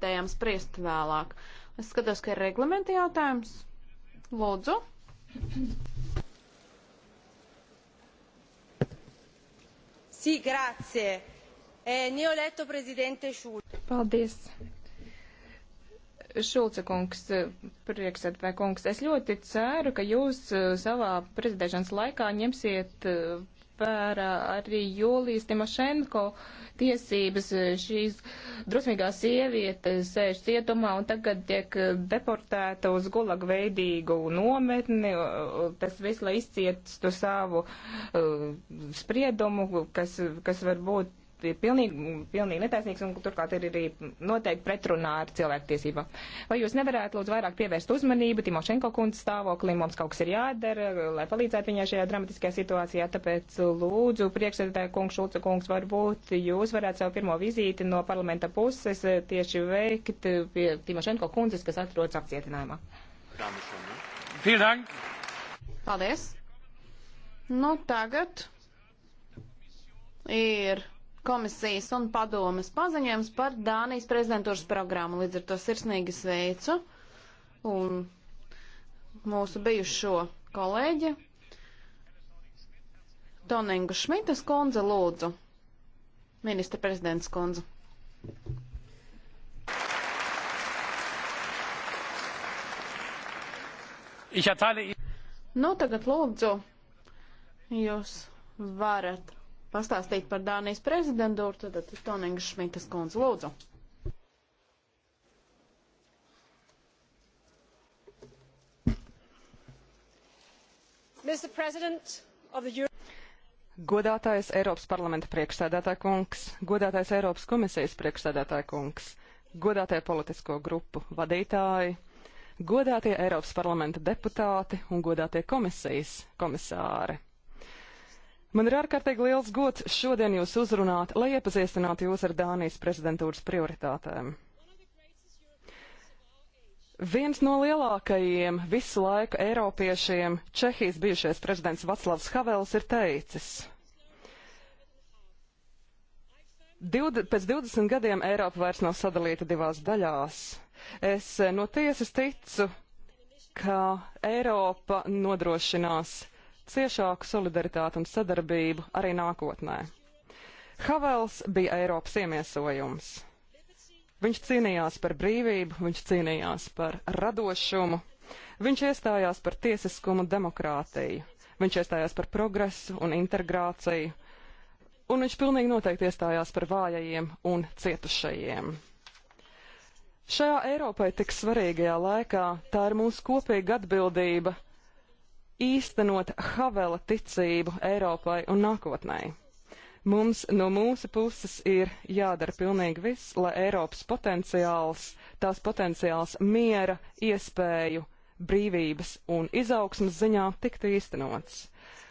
komitējām spriest vēlāk. Es skatos, ka ir reglamenta jautājums. Lūdzu. Sī, grācie. Eh, Neoleto prezidente Šulce. Paldies. Šulce kungs, priekšsēdētāj kungs, es ļoti ceru, ka jūs eh, savā prezidēšanas laikā ņemsiet eh, vērā arī Jūlijas Timošenko tiesības. Šīs drusmīgā sieviete sēž cietumā un tagad tiek deportēta uz gulag veidīgu nometni. Tas viss, lai izciestu savu uh, spriedumu, kas, kas var būt ir pilnīgi, pilnīgi netaisnīgs un turklāt ir arī noteikti pretrunā ar cilvēktiesībām. Vai jūs nevarētu lūdzu vairāk pievērst uzmanību Timošenko kundzes stāvoklim, mums kaut kas ir jādara, lai palīdzētu viņai šajā dramatiskajā situācijā, tāpēc lūdzu priekšsēdētāju kungs, Šulca kungs, varbūt jūs varētu savu pirmo vizīti no parlamenta puses tieši veikt pie Timošenko kundzes, kas atrodas apcietinājumā. Paldies! Nu, tagad ir komisijas un padomas paziņojums par Dānijas prezidentūras programmu. Līdz ar to sirsnīgi sveicu un mūsu bijušo kolēģi Toningu Šmitas kundze lūdzu. Ministra prezidents kundze. Nu, tagad lūdzu, jūs varat pastāstīt par Dānijas prezidentūru, tad Toninga Šmitas kundze lūdzu. Godātais Eiropas parlamenta priekšsēdētāja kungs, godātais Eiropas komisijas priekšsēdētāja kungs, godātie politisko grupu vadītāji, godātie Eiropas parlamenta deputāti un godātie komisijas komisāri. Man ir ārkārtīgi liels gods šodien jūs uzrunāt, lai iepazīstinātu jūs ar Dānijas prezidentūras prioritātēm. Viens no lielākajiem visu laiku eiropiešiem, Čehijas bijušais prezidents Vaclavs Havels, ir teicis. Divd pēc 20 gadiem Eiropa vairs nav sadalīta divās daļās. Es eh, no tiesas ticu, ka Eiropa nodrošinās ciešāku solidaritāti un sadarbību arī nākotnē. Havels bija Eiropas iemiesojums. Viņš cīnījās par brīvību, viņš cīnījās par radošumu, viņš iestājās par tiesiskumu un demokrātiju, viņš iestājās par progresu un integrāciju, un viņš pilnīgi noteikti iestājās par vājajiem un cietušajiem. Šajā Eiropai tik svarīgajā laikā tā ir mūsu kopīga atbildība īstenot Havela ticību Eiropai un nākotnē. Mums no mūsu puses ir jādara pilnīgi viss, lai Eiropas potenciāls, tās potenciāls miera, iespēju, brīvības un izaugsmas ziņā tiktu īstenots.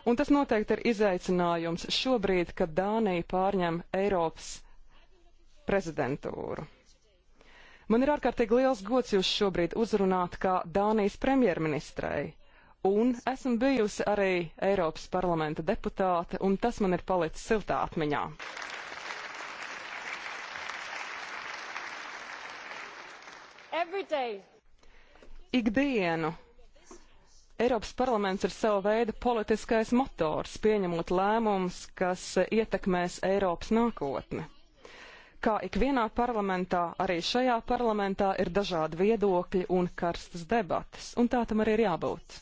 Un tas noteikti ir izaicinājums šobrīd, kad Dānija pārņem Eiropas prezidentūru. Man ir ārkārtīgi liels gods jūs šobrīd uzrunāt kā Dānijas premjerministrei, un esmu bijusi arī Eiropas parlamenta deputāte, un tas man ir palicis siltā atmiņā. Ikdienu Eiropas parlaments ir sava veida politiskais motors, pieņemot lēmumus, kas ietekmēs Eiropas nākotni. Kā ikvienā parlamentā, arī šajā parlamentā ir dažādi viedokļi un karstas debatas, un tā tam arī ir jābūt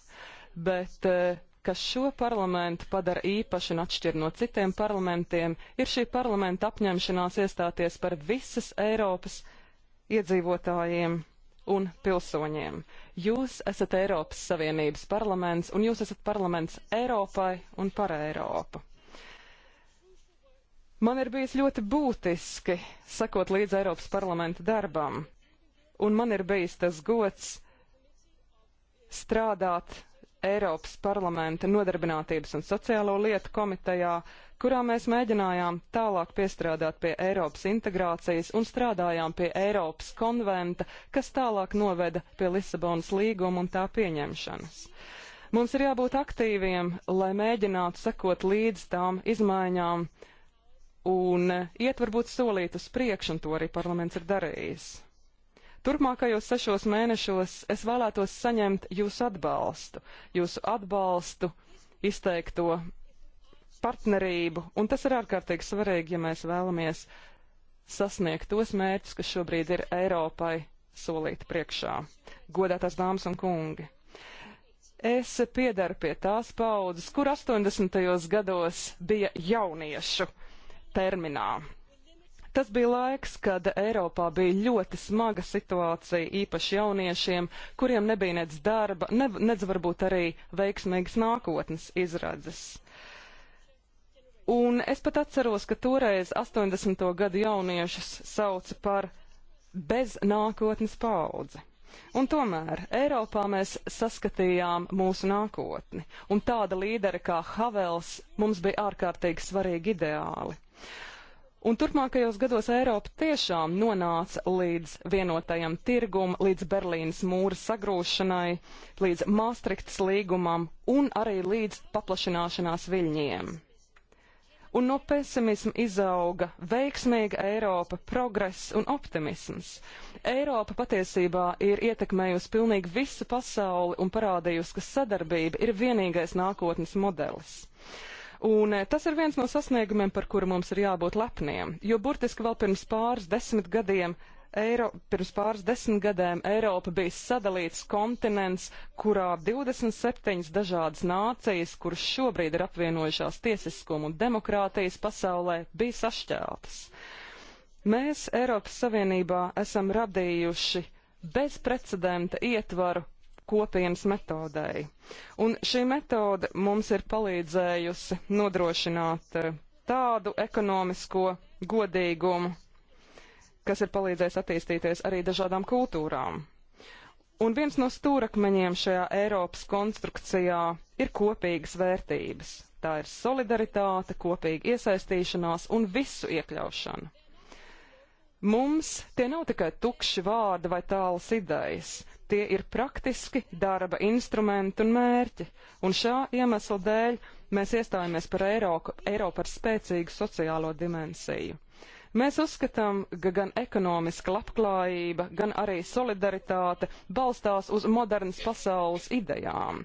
bet eh, kas šo parlamentu padara īpašu un atšķir no citiem parlamentiem, ir šī parlamenta apņemšanās iestāties par visas Eiropas iedzīvotājiem un pilsoņiem. Jūs esat Eiropas Savienības parlaments, un jūs esat parlaments Eiropai un par Eiropu. Man ir bijis ļoti būtiski sekot līdz Eiropas parlamenta darbam, un man ir bijis tas gods strādāt Eiropas parlamenta nodarbinātības un sociālo lietu komitejā, kurā mēs mēģinājām tālāk piestrādāt pie Eiropas integrācijas un strādājām pie Eiropas konventa, kas tālāk noveda pie Lisabonas līguma un tā pieņemšanas. Mums ir jābūt aktīviem, lai mēģinātu sekot līdz tām izmaiņām un iet varbūt solīt uz priekšu, un to arī parlaments ir darījis. Turpmākajos sešos mēnešos es vēlētos saņemt jūsu atbalstu, jūsu atbalstu izteikto partnerību, un tas ir ārkārtīgi svarīgi, ja mēs vēlamies sasniegt tos mērķus, kas šobrīd ir Eiropai solīti priekšā. Godētās dāmas un kungi! Es piedaru pie tās paudzes, kur 80. gados bija jauniešu terminā. Tas bija laiks, kad Eiropā bija ļoti smaga situācija, īpaši jauniešiem, kuriem nebija nec darba, ne, nec varbūt arī veiksmīgas nākotnes izredzes. Un es pat atceros, ka toreiz 80. gadu jauniešus sauca par bez nākotnes paudzi. Un tomēr Eiropā mēs saskatījām mūsu nākotni, un tāda līdera kā Havels mums bija ārkārtīgi svarīgi ideāli. Un turpmākajos gados Eiropa tiešām nonāca līdz vienotajam tirgum, līdz Berlīnas mūra sagrūšanai, līdz Maastrichtas līgumam un arī līdz paplašināšanās viļņiem. Un no pesimisma izauga veiksmīga Eiropa, progress un optimisms. Eiropa patiesībā ir ietekmējusi pilnīgi visu pasauli un parādījusi, ka sadarbība ir vienīgais nākotnes modelis. Un eh, tas ir viens no sasniegumiem, par kuru mums ir jābūt lepniem, jo burtiski vēl pirms pāris desmit gadiem. Eiro, pirms pāris desmit gadiem Eiropa bija sadalīts kontinents, kurā 27 dažādas nācijas, kuras šobrīd ir apvienojušās tiesiskuma un demokrātijas pasaulē, bija sašķeltas. Mēs Eiropas Savienībā esam radījuši bezprecedenta ietvaru kopienas metodei. Un šī metode mums ir palīdzējusi nodrošināt eh, tādu ekonomisko godīgumu, kas ir palīdzējis attīstīties arī dažādām kultūrām. Un viens no stūrakmeņiem šajā Eiropas konstrukcijā ir kopīgas vērtības. Tā ir solidaritāte, kopīga iesaistīšanās un visu iekļaušana. Mums tie nav tikai tukši vārdi vai tālas idejas. Tie ir praktiski darba instrumenti un mērķi, un šā iemesla dēļ mēs iestājāmies par Eiropu, Eiropu ar spēcīgu sociālo dimensiju. Mēs uzskatām, ka gan ekonomiska labklājība, gan arī solidaritāte balstās uz modernas pasaules idejām.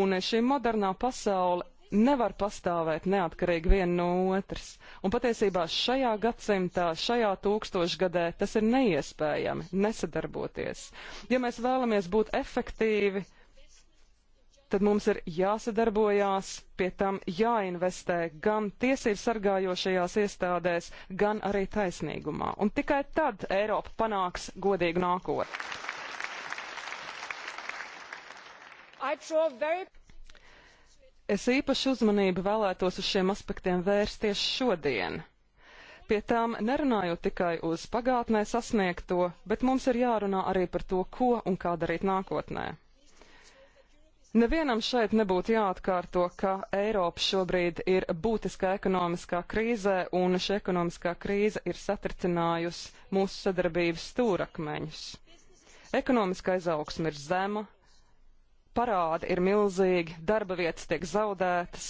Un šī modernā pasaule nevar pastāvēt neatkarīgi viena no otras. Un patiesībā šajā gadsimtā, šajā tūkstošgadē tas ir neiespējami nesadarboties. Ja mēs vēlamies būt efektīvi, tad mums ir jāsadarbojās, pie tam jāinvestē gan tiesību sargājošajās iestādēs, gan arī taisnīgumā. Un tikai tad Eiropa panāks godīgu nākotni. Very... Es īpaši uzmanību vēlētos uz šiem aspektiem vērsties šodien. Pie tām nerunājot tikai uz pagātnē sasniegto, bet mums ir jārunā arī par to, ko un kā darīt nākotnē. Nevienam šeit nebūtu jāatkārto, ka Eiropa šobrīd ir būtiskā ekonomiskā krīzē, un šī ekonomiskā krīze ir satricinājusi mūsu sadarbības stūrakmeņus. Ekonomiskā izaugsme ir zema, parādi ir milzīgi, darba vietas tiek zaudētas,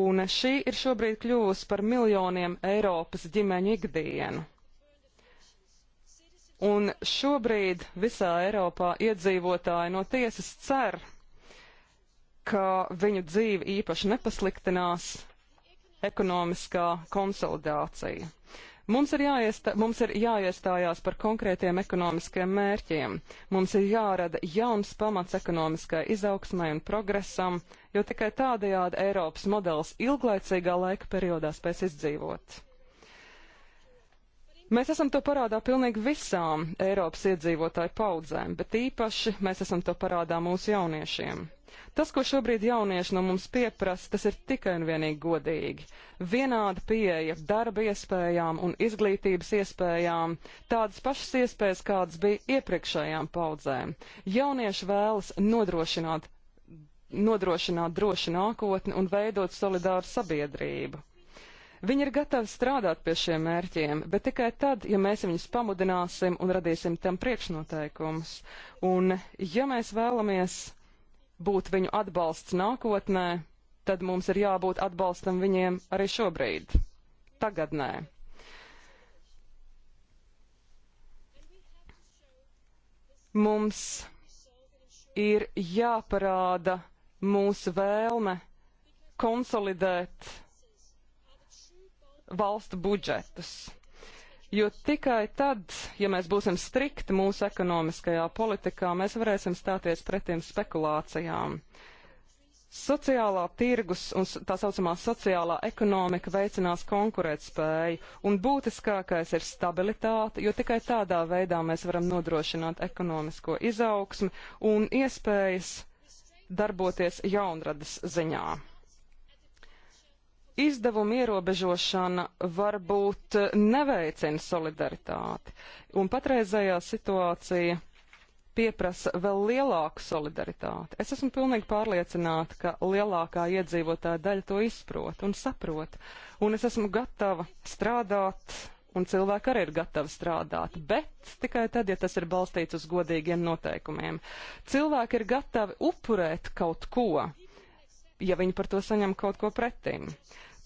un šī ir šobrīd kļuvusi par miljoniem Eiropas ģimeņu ikdienu. Un šobrīd visā Eiropā iedzīvotāji no tiesas cer, ka viņu dzīve īpaši nepasliktinās ekonomiskā konsolidācija. Mums ir, jāiestā, mums ir jāiestājās par konkrētiem ekonomiskiem mērķiem. Mums ir jārada jauns pamats ekonomiskai izaugsmai un progresam, jo tikai tādējādi Eiropas modelis ilglaicīgā laika periodā spēs izdzīvot. Mēs esam to parādā pilnīgi visām Eiropas iedzīvotāju paudzēm, bet īpaši mēs esam to parādā mūsu jauniešiem. Tas, ko šobrīd jaunieši no mums pieprasa, tas ir tikai un vienīgi godīgi. Vienāda pieeja darba iespējām un izglītības iespējām, tādas pašas iespējas, kādas bija iepriekšējām paudzēm. Jaunieši vēlas nodrošināt, nodrošināt drošu nākotni un veidot solidāru sabiedrību. Viņi ir gatavi strādāt pie šiem mērķiem, bet tikai tad, ja mēs viņus pamudināsim un radīsim tam priekšnoteikumus. Un ja mēs vēlamies būt viņu atbalsts nākotnē, tad mums ir jābūt atbalstam viņiem arī šobrīd, tagadnē. Mums ir jāparāda mūsu vēlme konsolidēt valstu budžetus. Jo tikai tad, ja mēs būsim strikti mūsu ekonomiskajā politikā, mēs varēsim stāties pretim spekulācijām. Sociālā tirgus un tā saucamā sociālā ekonomika veicinās konkurētspēju, un būtiskākais ir stabilitāte, jo tikai tādā veidā mēs varam nodrošināt ekonomisko izaugsmi un iespējas darboties jaunradas ziņā. Izdevuma ierobežošana varbūt neveicina solidaritāti, un patreizējā situācija pieprasa vēl lielāku solidaritāti. Es esmu pilnīgi pārliecināta, ka lielākā iedzīvotāja daļa to izprot un saprot, un es esmu gatava strādāt, un cilvēki arī ir gatavi strādāt, bet tikai tad, ja tas ir balstīts uz godīgiem noteikumiem. Cilvēki ir gatavi upurēt kaut ko, ja viņi par to saņem kaut ko pretim.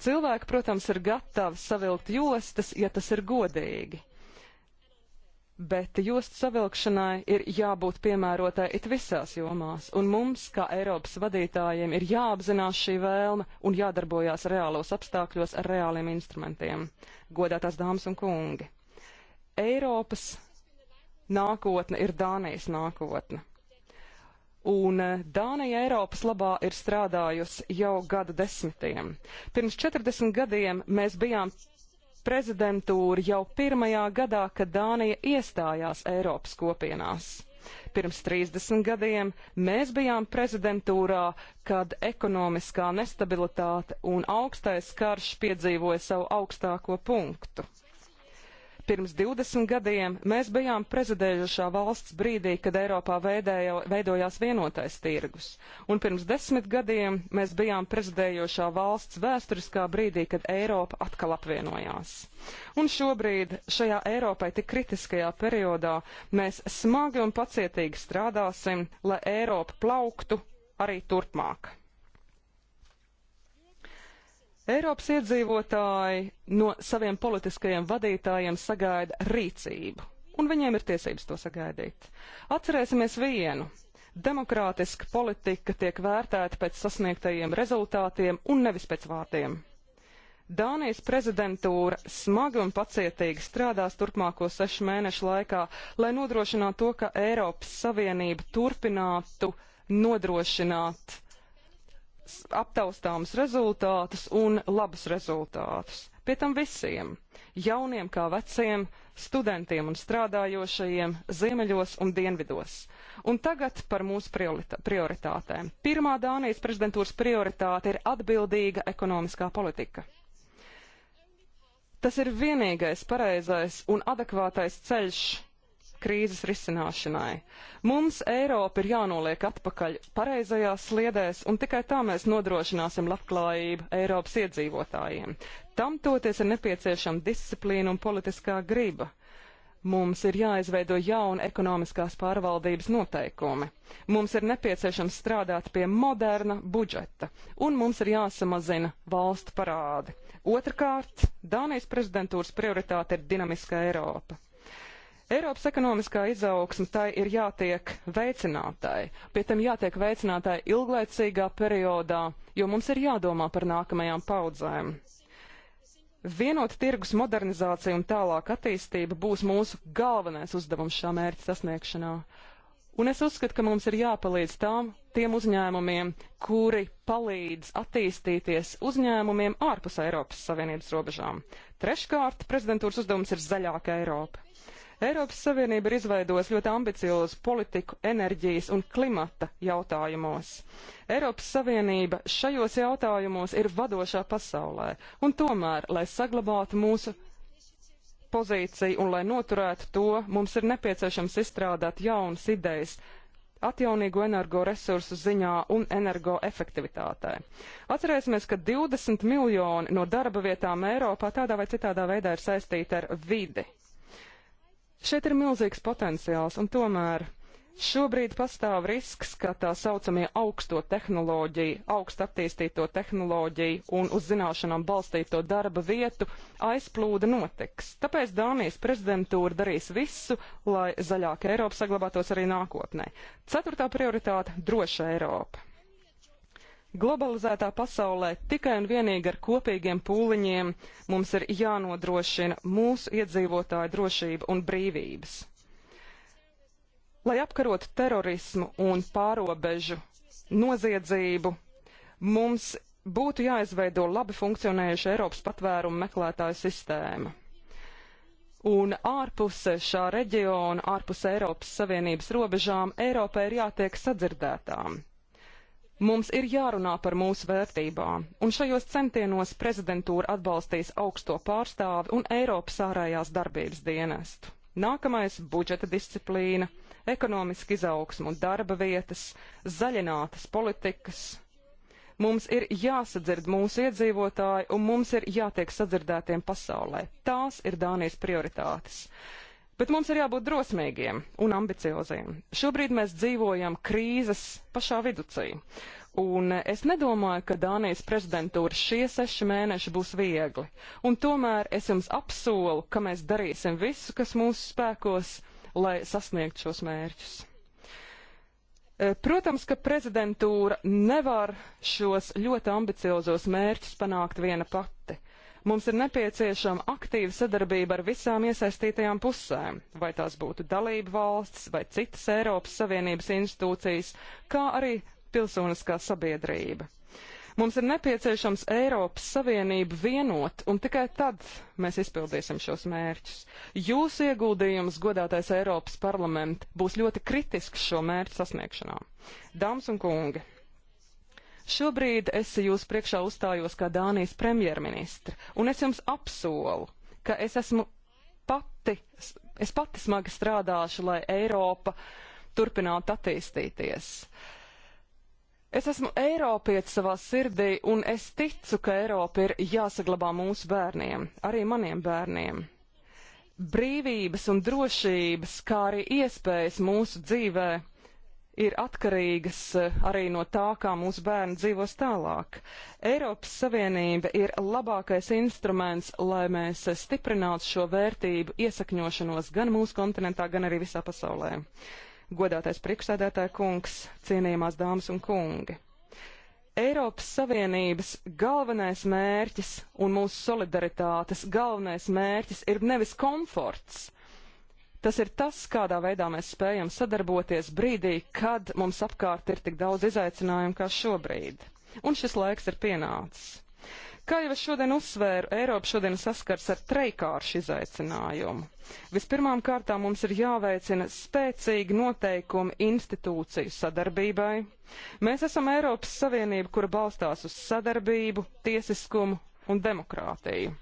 Cilvēki, protams, ir gatavi savilkt jostas, ja tas ir godīgi. Bet jostu savilkšanai ir jābūt piemērotai it visās jomās, un mums, kā Eiropas vadītājiem, ir jāapzinās šī vēlme un jādarbojās reālos apstākļos ar reāliem instrumentiem. Godātās dāmas un kungi! Eiropas nākotne ir Dānijas nākotne un eh, Dānija Eiropas labā ir strādājusi jau gadu desmitiem. Pirms 40 gadiem mēs bijām prezidentūra jau pirmajā gadā, kad Dānija iestājās Eiropas kopienās. Pirms 30 gadiem mēs bijām prezidentūrā, kad ekonomiskā nestabilitāte un augstais karš piedzīvoja savu augstāko punktu pirms 20 gadiem mēs bijām prezidējušā valsts brīdī, kad Eiropā veidēja, veidojās vienotais tirgus, un pirms desmit gadiem mēs bijām prezidējošā valsts vēsturiskā brīdī, kad Eiropa atkal apvienojās. Un šobrīd šajā Eiropai tik kritiskajā periodā mēs smagi un pacietīgi strādāsim, lai Eiropa plauktu arī turpmāk. Eiropas iedzīvotāji no saviem politiskajiem vadītājiem sagaida rīcību, un viņiem ir tiesības to sagaidīt. Atcerēsimies vienu. Demokrātiska politika tiek vērtēta pēc sasniegtajiem rezultātiem un nevis pēc vārdiem. Dānijas prezidentūra smagi un pacietīgi strādās turpmāko sešu mēnešu laikā, lai nodrošinātu to, ka Eiropas Savienība turpinātu nodrošināt aptaustāms rezultātus un labus rezultātus. Pie tam visiem, jauniem kā veciem, studentiem un strādājošajiem ziemeļos un dienvidos. Un tagad par mūsu prioritātēm. Pirmā Dānijas prezidentūras prioritāte ir atbildīga ekonomiskā politika. Tas ir vienīgais pareizais un adekvātais ceļš krīzes risināšanai. Mums Eiropa ir jānoliek atpakaļ pareizajās sliedēs, un tikai tā mēs nodrošināsim labklājību Eiropas iedzīvotājiem. Tam toties ir nepieciešama disciplīna un politiskā griba. Mums ir jāizveido jauna ekonomiskās pārvaldības noteikumi. Mums ir nepieciešams strādāt pie moderna budžeta, un mums ir jāsamazina valstu parādi. Otrakārt, Dānijas prezidentūras prioritāte ir dinamiska Eiropa. Eiropas ekonomiskā izaugsme tai ir jātiek veicinātai, pie tam jātiek veicinātai ilglaicīgā periodā, jo mums ir jādomā par nākamajām paudzēm. Vienot tirgus modernizācija un tālāk attīstība būs mūsu galvenais uzdevums šā mērķa sasniegšanā. Un es uzskatu, ka mums ir jāpalīdz tām, tiem uzņēmumiem, kuri palīdz attīstīties uzņēmumiem ārpus Eiropas Savienības robežām. Treškārt, prezidentūras uzdevums ir zaļāka Eiropa. Eiropas Savienība ir izveidojusi ļoti ambiciozu politiku enerģijas un klimata jautājumos. Eiropas Savienība šajos jautājumos ir vadošā pasaulē, un tomēr, lai saglabātu mūsu pozīciju un lai noturētu to, mums ir nepieciešams izstrādāt jaunas idejas atjaunīgo energoresursu ziņā un energoefektivitātē. Atcerēsimies, ka 20 miljoni no darba vietām Eiropā tādā vai citādā veidā ir saistīti ar vidi. Šeit ir milzīgs potenciāls, un tomēr Šobrīd pastāv risks, ka tā saucamie augsto tehnoloģiju, augst attīstīto tehnoloģiju un uz zināšanām balstīto darba vietu aizplūda notiks. Tāpēc Dānijas prezidentūra darīs visu, lai zaļāka Eiropa saglabātos arī nākotnē. Ceturtā prioritāte - droša Eiropa. Globalizētā pasaulē tikai un vienīgi ar kopīgiem pūliņiem mums ir jānodrošina mūsu iedzīvotāju drošība un brīvības. Lai apkarotu terorismu un pārobežu noziedzību, mums būtu jāizveido labi funkcionējuša Eiropas patvērumu meklētāju sistēma. Un ārpus šā reģiona, ārpus Eiropas Savienības robežām, Eiropai ir jātiek sadzirdētām. Mums ir jārunā par mūsu vērtībām, un šajos centienos prezidentūra atbalstīs augsto pārstāvi un Eiropas ārējās darbības dienestu. Nākamais - budžeta disciplīna, ekonomiska izaugsma un darba vietas, zaļinātas politikas. Mums ir jāsadzird mūsu iedzīvotāji, un mums ir jātiek sadzirdētiem pasaulē. Tās ir Dānijas prioritātes. Bet mums ir jābūt drosmīgiem un ambicioziem. Šobrīd mēs dzīvojam krīzes pašā viducī. Un es nedomāju, ka Dānijas prezidentūra šie seši mēneši būs viegli. Un tomēr es jums apsolu, ka mēs darīsim visu, kas mūsu spēkos, lai sasniegtu šos mērķus. E, protams, ka prezidentūra nevar šos ļoti ambiciozos mērķus panākt viena pati. Mums ir nepieciešama aktīva sadarbība ar visām iesaistītajām pusēm, vai tās būtu dalību valsts vai citas Eiropas Savienības institūcijas, kā arī pilsoniskā sabiedrība. Mums ir nepieciešams Eiropas Savienību vienot, un tikai tad mēs izpildīsim šos mērķus. Jūsu ieguldījums, godātais Eiropas parlament, būs ļoti kritisks šo mērķu sasniegšanā. Dāmas un kungi! Šobrīd es jūs priekšā uzstājos kā Dānijas premjerministra, un es jums apsolu, ka es esmu pati, es pati smagi strādāšu, lai Eiropa turpinātu attīstīties. Es esmu Eiropietis savā sirdī, un es ticu, ka Eiropa ir jāsaglabā mūsu bērniem, arī maniem bērniem. Brīvības un drošības, kā arī iespējas mūsu dzīvē ir atkarīgas eh, arī no tā, kā mūsu bērni dzīvos tālāk. Eiropas Savienība ir labākais instruments, lai mēs eh, stiprinātu šo vērtību iesakņošanos gan mūsu kontinentā, gan arī visā pasaulē. Godātais priekšsēdētāja kungs, cienījamās dāmas un kungi! Eiropas Savienības galvenais mērķis un mūsu solidaritātes galvenais mērķis ir nevis komforts, Tas ir tas, kādā veidā mēs spējam sadarboties brīdī, kad mums apkārt ir tik daudz izaicinājumu kā šobrīd. Un šis laiks ir pienācis. Kā jau es šodien uzsvēru, Eiropa šodien saskars ar trejkāršu izaicinājumu. Vispirmām kārtām mums ir jāveicina spēcīgi noteikumi institūciju sadarbībai. Mēs esam Eiropas Savienība, kura balstās uz sadarbību, tiesiskumu un demokrātiju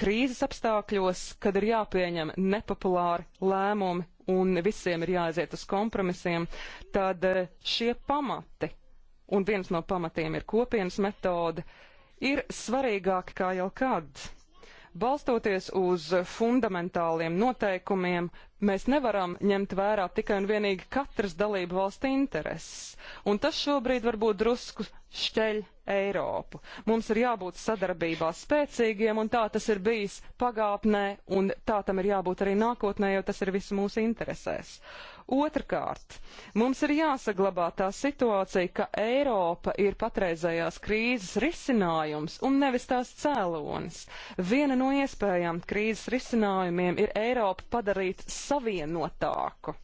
krīzes apstākļos, kad ir jāpieņem nepopulāri lēmumi un visiem ir jāaiziet uz kompromisiem, tad eh, šie pamati, un viens no pamatiem ir kopienas metode, ir svarīgāki kā jau kad. Balstoties uz fundamentāliem noteikumiem, mēs nevaram ņemt vērā tikai un vienīgi katras dalību valsts intereses, un tas šobrīd varbūt drusku šķeļ Eiropu. Mums ir jābūt sadarbībā spēcīgiem, un tā tas ir bijis pagātnē, un tā tam ir jābūt arī nākotnē, jo tas ir visu mūsu interesēs. Otrkārt, mums ir jāsaglabā tā situācija, ka Eiropa ir patreizējās krīzes risinājums un nevis tās cēlonis. Viena no iespējām krīzes risinājumiem ir Eiropu padarīt savienotāku.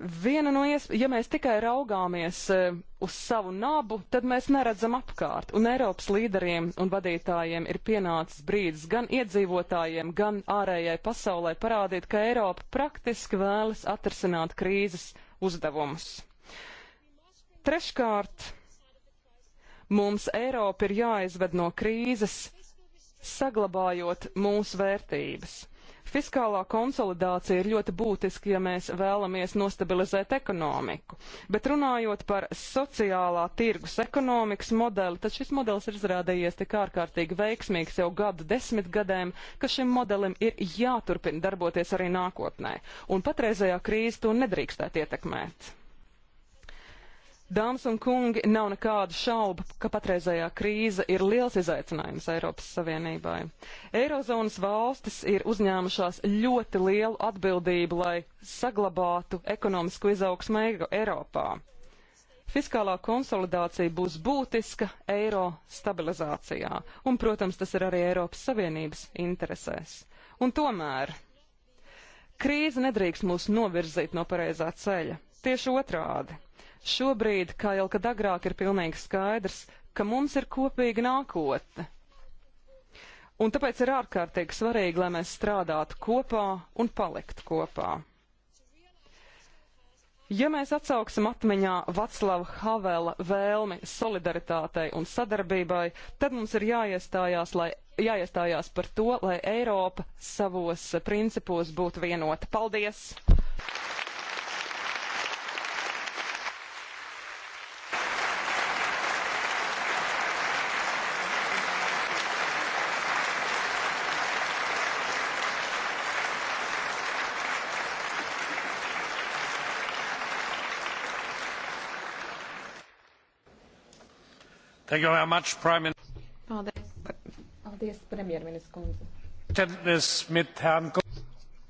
Viena no iespējām, ja mēs tikai raugāmies e, uz savu nabu, tad mēs neredzam apkārt, un Eiropas līderiem un vadītājiem ir pienācis brīdis gan iedzīvotājiem, gan ārējai pasaulē parādīt, ka Eiropa praktiski vēlas atrisināt krīzes uzdevumus. Treškārt, mums Eiropa ir jāizved no krīzes, saglabājot mūsu vērtības. Fiskālā konsolidācija ir ļoti būtiska, ja mēs vēlamies nostabilizēt ekonomiku. Bet runājot par sociālā tirgus ekonomikas modeli, tad šis modelis ir izrādījies tik ārkārtīgi veiksmīgs jau gadu desmitgadēm, ka šim modelim ir jāturpina darboties arī nākotnē. Un patreizējā krīze to nedrīkstētu ietekmēt. Dāmas un kungi, nav nekādu šaubu, ka patreizējā krīze ir liels izaicinājums Eiropas Savienībai. Eirozonas valstis ir uzņēmušās ļoti lielu atbildību, lai saglabātu ekonomisko izaugsmu Eiropā. Fiskālā konsolidācija būs būtiska eiro stabilizācijā, un, protams, tas ir arī Eiropas Savienības interesēs. Un tomēr krīze nedrīkst mūs novirzīt no pareizā ceļa. Tieši otrādi Šobrīd, kā jau kad agrāk ir pilnīgi skaidrs, ka mums ir kopīga nākotne. Un tāpēc ir ārkārtīgi svarīgi, lai mēs strādātu kopā un paliktu kopā. Ja mēs atsauksim atmiņā Vaclava Havela vēlmi solidaritātei un sadarbībai, tad mums ir jāiestājās, lai, jāiestājās par to, lai Eiropa savos principos būtu vienota. Paldies! Much, Paldies, Paldies premjerministrs kundze.